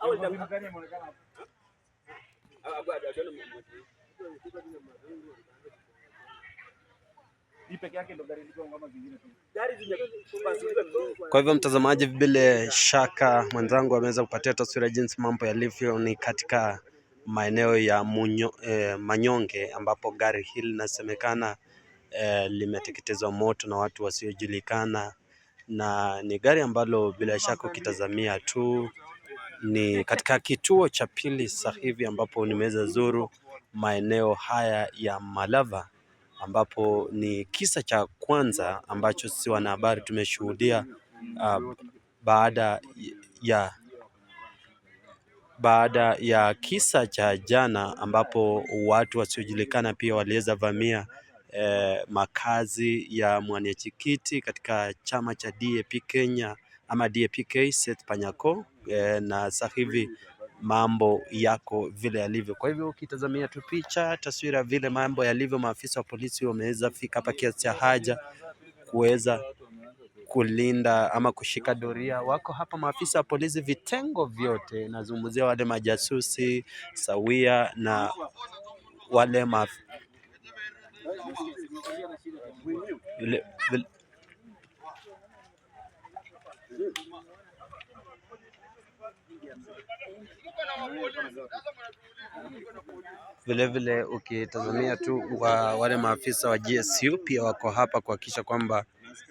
Awal jamaa gani inaonekana hapo? Au bado hajana mmoja. Kwa hivyo mtazamaji, bila shaka mwenzangu ameweza kupatia taswira jinsi mambo yalivyo ni katika maeneo ya Munyo, eh, Manyonge ambapo gari hili linasemekana eh, limeteketezwa moto na watu wasiojulikana, na ni gari ambalo bila shaka ukitazamia tu ni katika kituo cha pili sasa hivi ambapo nimeweza zuru maeneo haya ya Malava ambapo ni kisa cha kwanza ambacho sisi wanahabari tumeshuhudia uh, baada ya baada ya kisa cha jana ambapo watu wasiojulikana pia waliweza vamia eh, makazi ya mwanachikiti katika chama cha DAP Kenya ama DAP-K Seth Panyako eh, na sasa hivi mambo yako vile yalivyo. Kwa hivyo ukitazamia tu picha taswira vile mambo yalivyo, maafisa wa polisi wameweza fika hapa kiasi cha haja kuweza kulinda ama kushika doria. Wako hapa maafisa wa polisi vitengo vyote, nazungumzia wale majasusi sawia na wale maf... Vilevile ukitazamia tu wa wale maafisa wa GSU pia wako hapa kuhakikisha kwamba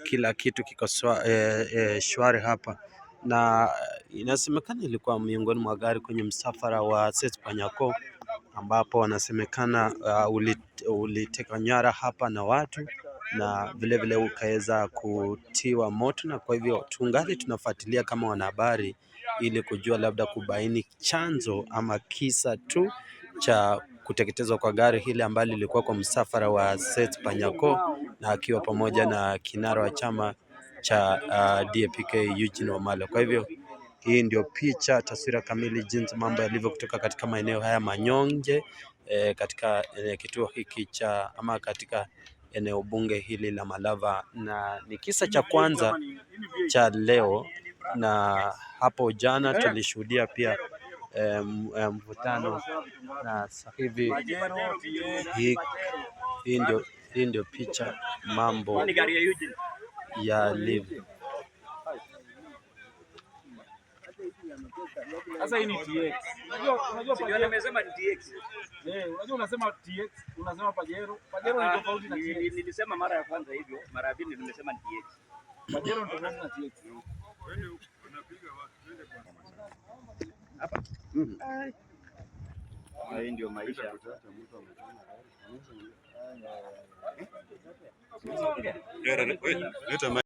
kila kitu kiko eh, eh, shwari hapa, na eh, inasemekana ilikuwa miongoni mwa gari kwenye msafara wa Seth Panyako ambapo wanasemekana uh, ulit, uliteka nyara hapa na watu na vilevile ukaweza kutiwa moto, na kwa hivyo tungali tunafuatilia kama wanahabari ili kujua labda kubaini chanzo ama kisa tu cha kuteketezwa kwa gari hili ambalo lilikuwa kwa msafara wa Seth Panyako na akiwa pamoja na kinara wa chama cha uh, DAP-K Eugene Wamalwa. Kwa hivyo hii ndio picha taswira kamili jinsi mambo yalivyo kutoka katika maeneo haya manyonge eh, katika eh, kituo hiki cha ama katika eneo bunge hili la Malava, na ni kisa cha kwanza cha leo, na hapo jana eh? tulishuhudia pia eh, eh, mvutano um, um, na hivi hii, hii ndio picha mambo yalivyo. Sasa hii ni TX. Unajua unajua Pajero TX. Eh, unajua unasema TX, unasema Pajero. Pajero ni ah, tofauti na TX. Nilisema mara ya kwanza hivyo, mara ya pili nimesema ni TX. Pajero ni tofauti na TX. hapa. Mhm. Hayo ah, ndio maisha. Mtu